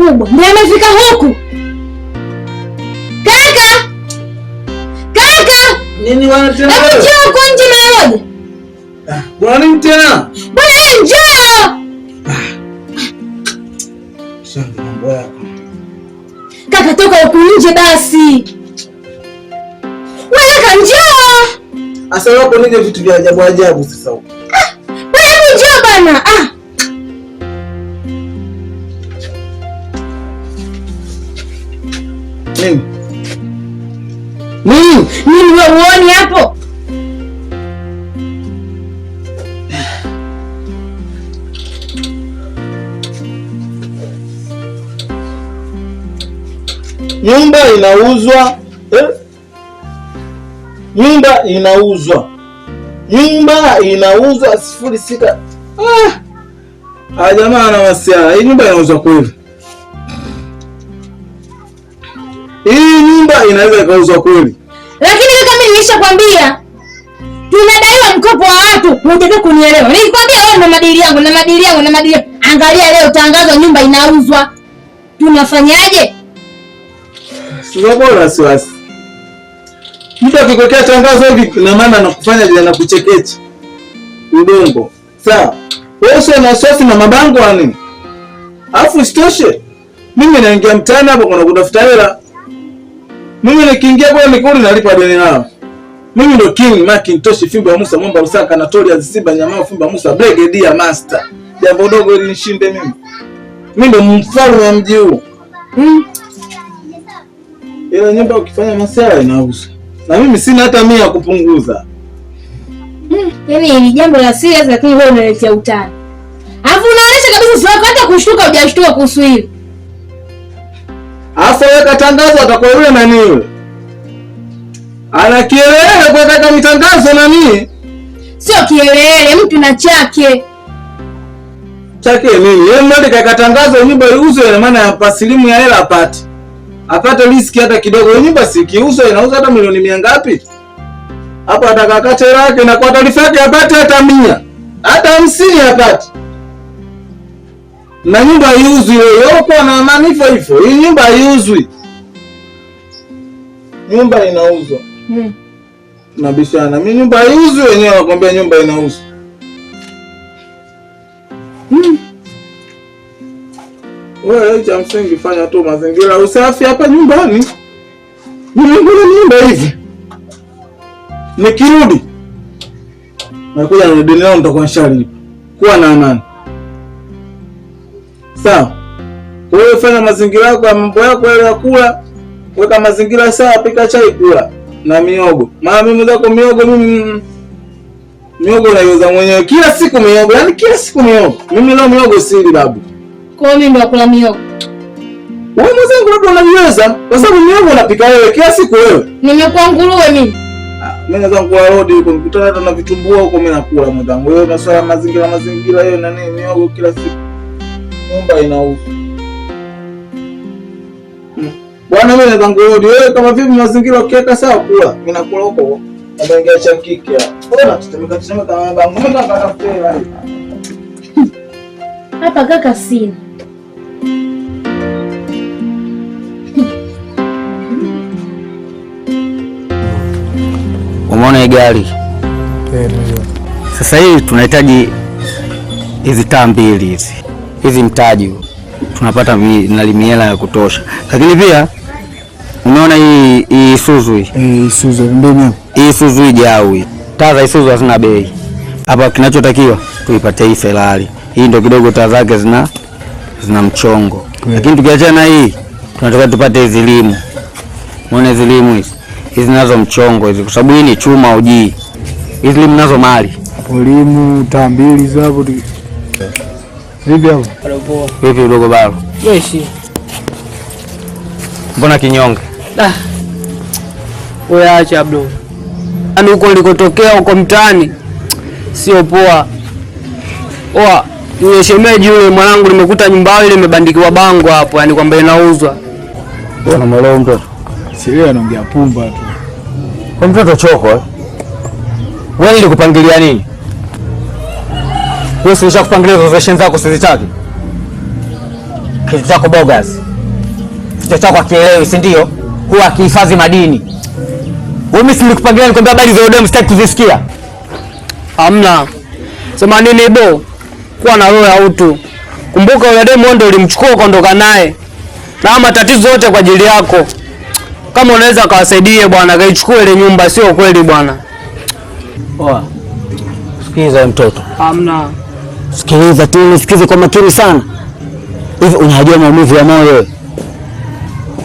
mkubwa ndio amefika huku. Kaka, kaka, nini wanatenda? tena? Hebu njoo huko nje mara moja. Ah, bwana nini tena? Bwana wewe njoo. Ah. Sasa mambo yako. Kaka, toka huko nje basi. Wewe kaka, njoo. Asa wako nini vitu vya ajabu ajabu sasa huko. Mimi mimi wewe uoni hapo? Nyumba inauzwa eh? Nyumba inauzwa, nyumba inauzwa sifuri sita. Ah, ah jamaa na hii nyumba inauzwa kweli? Hii nyumba inaweza ikauzwa kweli, lakini kaka, mimi nilishakwambia tunadaiwa mkopo wa watu, hujataka kunielewa. Nilikwambia wewe na madili yangu na madili yangu na madili. Angalia leo tangazo, nyumba inauzwa, tunafanyaje? Sio bora siwasi. Mtu akikwekea tangazo hivi, na maana anakufanya bila na udongo, sawa? Wewe sio na wasiwasi na mabango ani? Afu isitoshe mimi naingia mtaani hapo kuna kutafuta hela mimi nikiingia kwa nikuri nalipa deni nao. Mimi ndo King Macintosh Fimba Musa Mwamba Msaka Anatolia Simba Nyamao Fimba Musa Brigadier Master. Jambo dogo ili nishinde mimi. Mimi ndo mfalme wa mji huu. Hmm? Ile nyumba ukifanya masaa inauza. Na mimi sina hata mia kupunguza. Hmm, yaani ni jambo la serious lakini wewe unaletea utani. Alafu unaonesha kabisa usiwapata kushtuka hujashtuka kuhusu hili. Asa weka tangazo atakuwa yule nani yule. Ana kielele mitangazo nani? Sio kielele, mtu na chake. Chake nini? Yeye mradi kaeka tangazo nyumba iuzwe na maana hapa silimu ya hela apate. Apate riski hata kidogo. Nyumba si kiuzwe inauza hata milioni mia ngapi? Hapo atakakata hela yake na kwa taarifa yake apate hata mia. Hata hamsini apate na nyumba haiuzwi. Wewe uko na amani hivyo hivyo, hii nyumba haiuzwi, nyumba inauzwa. hmm. Nabishana mimi, nyumba haiuzwi, wenyewe wanakwambia nyumba inauzwa. hmm. Wewe cha msingi fanya tu mazingira usafi hapa nyumbani. Nimekula nyumba hivi, nikirudi nakuja na deni langu, nitakuwa nishalipa. Kuwa na amani. Sawa. Kwa hiyo fanya mazingira yako ya mambo yako yale ya kula, weka mazingira sawa, pika chai kula na miogo. Maana mimi zako miogo mimi miogo naiuza mwenyewe kila siku miogo, yaani kila siku miogo. Mimi leo miogo sili babu. Kwa hiyo mimi nakula miogo. Wewe mwenzangu labda unajiweza, kwa sababu miogo unapika wewe kila siku wewe. Nimekuwa nguruwe mimi. Ah, mimi naweza kuwa rodi huko, nikutana hata na vitumbua huko mimi nakula mwenzangu. Wewe masuala mazingira mazingira hiyo na nini miogo kila siku nyumba inauzwa bwana. Mimi nazangu hodi wewe, kama vipi mazingira ukiweka sawa, kula mimi nakula huko, Baba ingia cha Bora tuseme kama baba mkiki hapa kaka, sina umeona gari eh, sasa hivi tunahitaji hizi taa mbili hizi hizi mtaji tunapata nalimiela ya kutosha, lakini pia umeona hii hii Isuzu hii eh, Isuzu hii Isuzu taa za Isuzu hazina bei hapa, kinachotakiwa tuipate hii Ferrari. Hii ndio kidogo taa zake zina zina mchongo yeah. Lakini tukiachana na hii tunataka tupate hizi limu, umeona hizi limu hizi hizi nazo mchongo hizi, kwa sababu hii ni chuma ujii, hizi limu nazo mali limu taa mbili zapo Vipi udogo baba? Mbona kinyonge? Ah. Wewe acha bro. Yaani huko ulikotokea huko mtaani sio poa. Oa, yule shemeji yule mwanangu nimekuta nyumba ile imebandikiwa bango hapo, yaani kwamba inauzwa. Unamwelewa mtoto? Si yeye anaongea pumba tu. Kwa mtoto choko eh? Wewe nilikupangilia nini? Wewe si nishakupangilia reservation zako sizitaki. Kitu chako bogus. Kitu chako hakielewi, si ndio? Huwa akihifadhi madini. Wewe mimi nilikupangilia nikwambia habari za Odem sitaki kuzisikia. Hamna. Sema nini bo? Kuwa na roho ya utu. Kumbuka yule demo ndio ulimchukua ukaondoka naye. Na matatizo yote kwa ajili yako. Kama unaweza kawasaidie bwana, kaichukue ile nyumba, sio kweli bwana. Poa. Sikiza mtoto. Hamna. Sikiliza tu, nisikize kwa makini sana. Hivi unajua maumivu ya moyo wewe?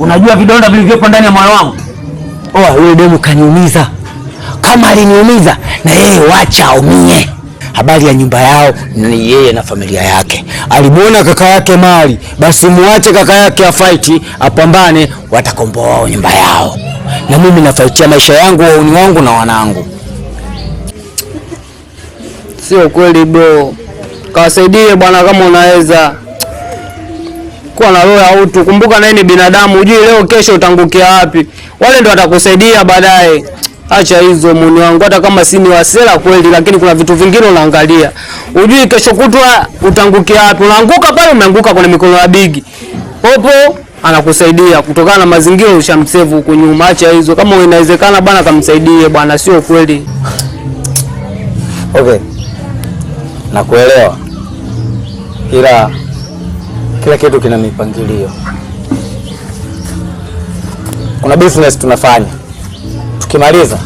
Unajua vidonda vilivyopo ndani ya moyo wangu? Oa, oh, yule demu kaniumiza. Kama aliniumiza na yeye wacha aumie. Habari ya nyumba yao ni yeye na familia yake. Alimwona kaka yake mali, basi muache kaka yake afaiti, apambane, watakomboa nyumba yao. Na mimi nafaitia maisha yangu, wauni wangu na wanangu. Sio kweli bro kawasaidie bwana, kama unaweza kuwa na roho ya utu. Kumbuka naye ni binadamu, hujui leo kesho utangukia wapi. Wale ndio watakusaidia baadaye. Acha hizo muni wangu, hata kama si ni wasela kweli, lakini kuna vitu vingine unaangalia, hujui kesho kutwa utangukia wapi. Unaanguka pale, umeanguka kwenye mikono ya bigi popo anakusaidia kutokana na mazingira ushamsevu huko nyuma. Acha hizo, kama inawezekana bana, kamsaidie bwana, sio kweli. Okay na kuelewa, ila kila kitu kina mipangilio. Kuna business tunafanya, tukimaliza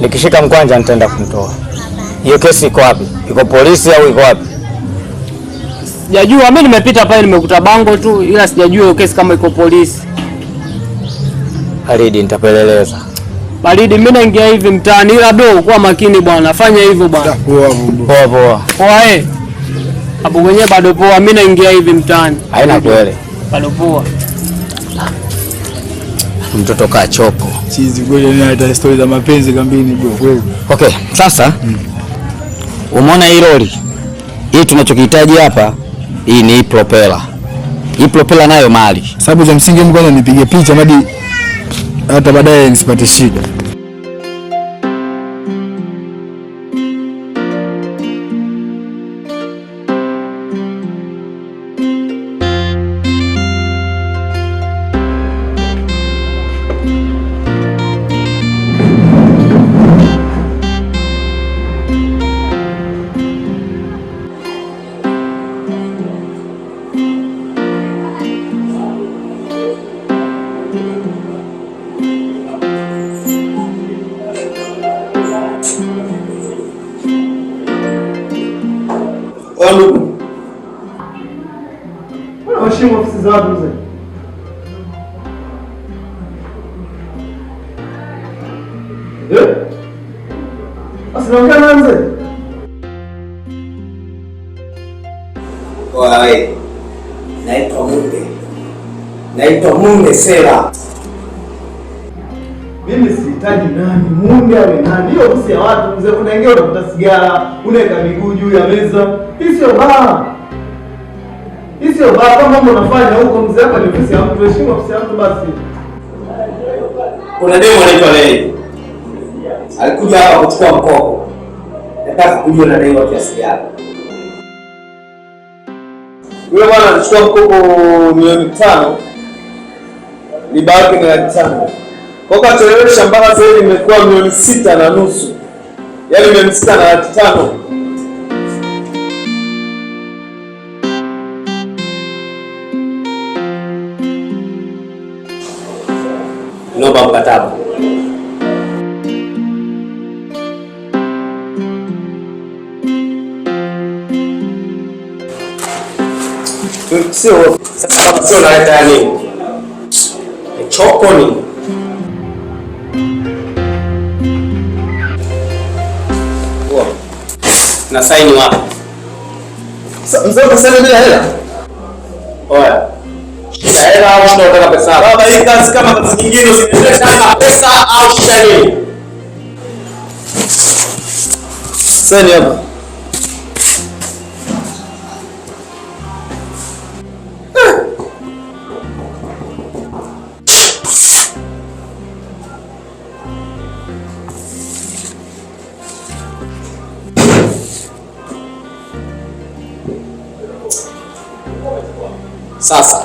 nikishika mkwanja nitaenda kumtoa. Hiyo kesi iko wapi? Iko polisi au iko wapi? Sijajua, mimi nimepita pale nimekuta bango tu, ila sijajua hiyo kesi kama iko polisi. Aridi, nitapeleleza. Baridi mimi naingia hivi mtaani, ila do kuwa makini bwana, fanya hivyo bwana. Poa poa poa, poa. eh abu kwenye bado poa. Mimi naingia hivi mtaani, haina kweli, bado poa. Mtoto kaa choko chizi kweli, hata story za mapenzi kambini bro, kweli. Okay, sasa mm. Umeona hii lori hii, tunachokihitaji hapa hii ni propeller. Hii propeller nayo mali, sababu za msingi kwanza nipige picha hadi hata baadaye nisipate shida. Heshimu ofisi za watu mzee. Eh? Asinaongea mzee. Naitwa Munde. Naitwa Munde Sera. Mimi sihitaji nani, Munde awe nani. Hiyo ofisi ya watu mzee, unaingia unakuta sigara, unaweka miguu juu ya meza. Hii sio baa. Hii sio baa kama unafanya huko mzee, hapa ni ofisi ya mtu, heshima ofisi ya mtu basi. Kuna demo anaitwa Lei. Alikuja hapa kuchukua mkopo. Nataka kujua na dai kiasi gani. Yule bwana alichukua mkopo milioni tano. Ni yake ni laki tano. Kwa kachelewesha mpaka sasa hivi imekuwa milioni sita na nusu. Yaani milioni sita na laki tano. mkataba. Sio yaani Chokoni na saini wapi? Mzee, kasema bila hela. Oya. Baba, hii kazi kama kazi nyingine usinishe sana pesa au shida Sasa hapa. Sasa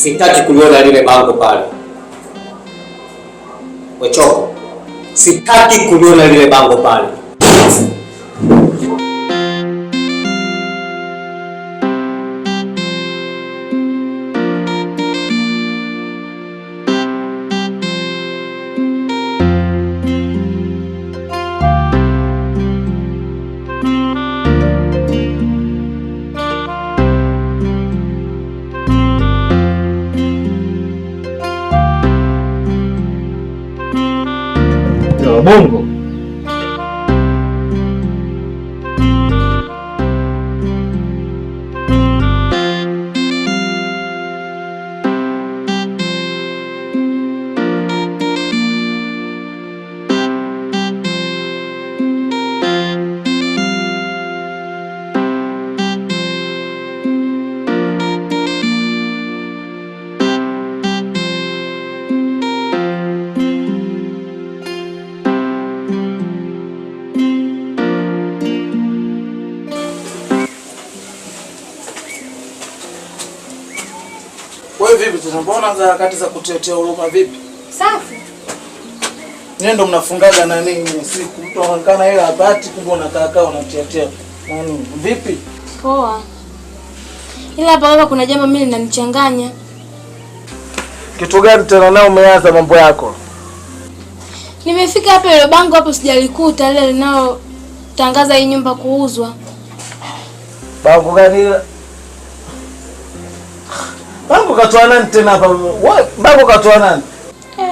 sitaki kuliona lile bango pale Wechoko, sitaki kuliona lile bango pale. Mbona za harakati za kutetea huruma vipi? Safi. Nyewe ndo mnafungaga na nini siku mtu anaonekana hela hapati kumbe unakaa kaa unatetea. Nani? Vipi? Poa. Ila hapa baba kuna jambo mimi linanichanganya. Kitu gani tena na umeanza mambo yako? Nimefika hapa ile bango hapo sijalikuta ile tangaza hii nyumba kuuzwa. Bango gani ile? Babu katoa nani tena hapa? Babu katoa nani? Eh.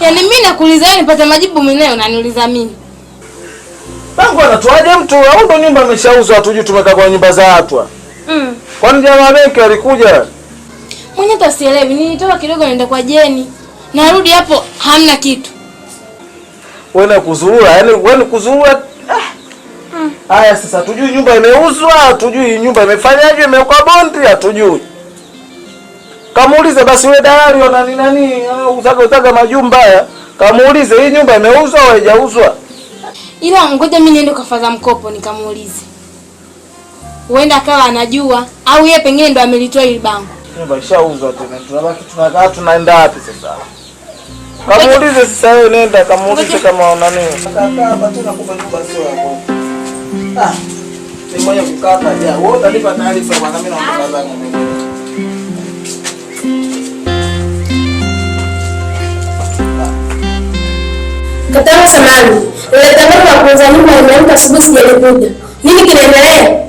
Yaani mimi nakuuliza yaani nipate majibu mimi leo unaniuliza mimi. Babu anatoaje mtu? Au ndo nyumba imeshauzwa ameshauzwa juu tumekaa kwa nyumba za watu. Mm. Kwani jamaa benki alikuja? Mwenye tasielewi, Nilitoka kidogo naenda kwa Jeni. Narudi hapo hamna kitu. Wewe na kuzurura, yaani wewe ni kuzurura. Ah. Mm. Haya, mm. Sasa tujui nyumba imeuzwa, tujui nyumba imefanyaje, imekuwa bondi, hatujui. Kamuulize basi wewe dalali una ni nani ah, uzaga uzaga majumba haya. Kamuulize hii nyumba imeuzwa au haijauzwa? Ila ngoja mimi niende kafadha mkopo nikamuulize. Huenda akawa anajua au yeye pengine ndo amelitoa ile bango. Nyumba ishauzwa tena. Tunabaki tunakaa tunaenda wapi sasa? Kamuulize sasa wewe nenda kamuulize kama una nini. kaka hapa tena kwa nyumba sio yako. Ah. Ni moyo kukaa hapa ja. Wewe utalipa taarifa bwana mimi naondoka zangu. Katana samani. Niletangaza kwa kwanza nyuma nimeamka asubuhi sijalikuja. Nini kinaendelea?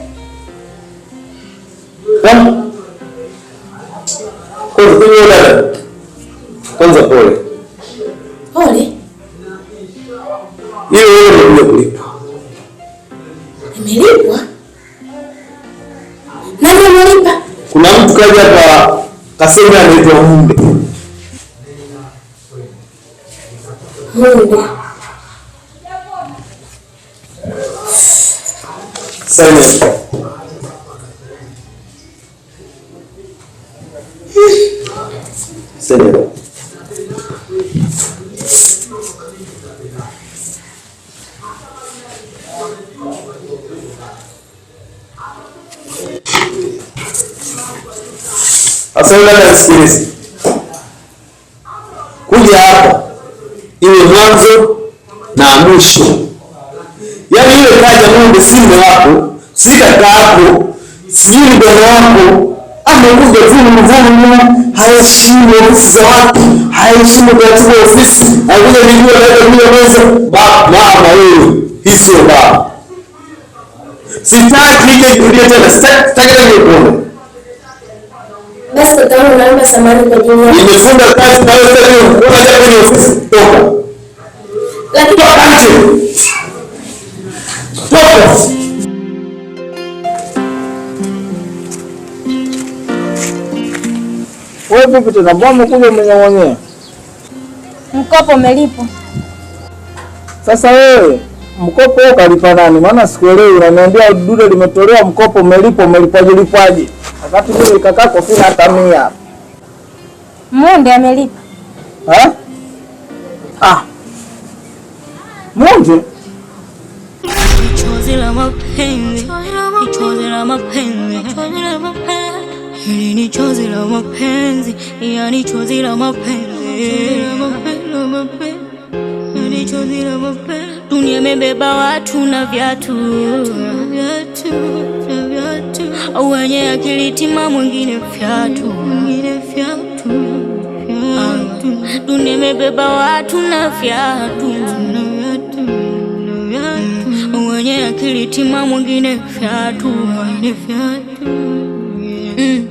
Kwanza pole. Pole. Hiyo hiyo ndio kulipa. Nimelipwa? Nani amelipa? Kuna mtu kaja hapa kasema anaitwa Humbe. Lula. Sai mesmo. Senhor. Assembleia cu Espírito. Cuidado. iwe mwanzo na mwisho. Yaani iwe kaja Mungu si mume wako, si kaka yako, sijui ni wako, amekuja vumu vumu, haheshimu ofisi za watu, haheshimu taratibu ya ofisi, akuja vijua kaja kuja meza mama wewe, hii sio baba. Sitaki nije kurudia tena, sitaki tena kuona. kwa Nimefunga kazi na wewe sasa, unaja kwenye ofisi toka hiyo wewe vipi tena bomu kule umenyong'onyea? Mkopo umelipo. Sasa wewe mkopo huo kalipa nani? Maana sikuelewi, unaniambia dude limetolewa mkopo umelipo, umelipaje lipwaje? Wakati mimi kakako sina hata mia. Munde amelipa. Eh? Ah. Moja ni chozi la mapenzi, yani chozi la mapenzi. Dunia imebeba watu na viatu, wenye akili timamu fyatu. Ah, dunia imebeba watu na viatu mwenye akili timamu, mwingine fyatu, mwingine fyatu mm.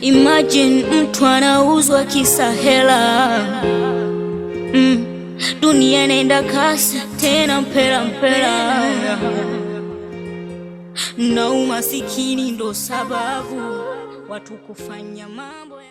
Imagine mtu anauzwa kisa hela mm. Dunia inaenda kasi tena mpela mpela, na umasikini ndo sababu watu kufanya mambo ya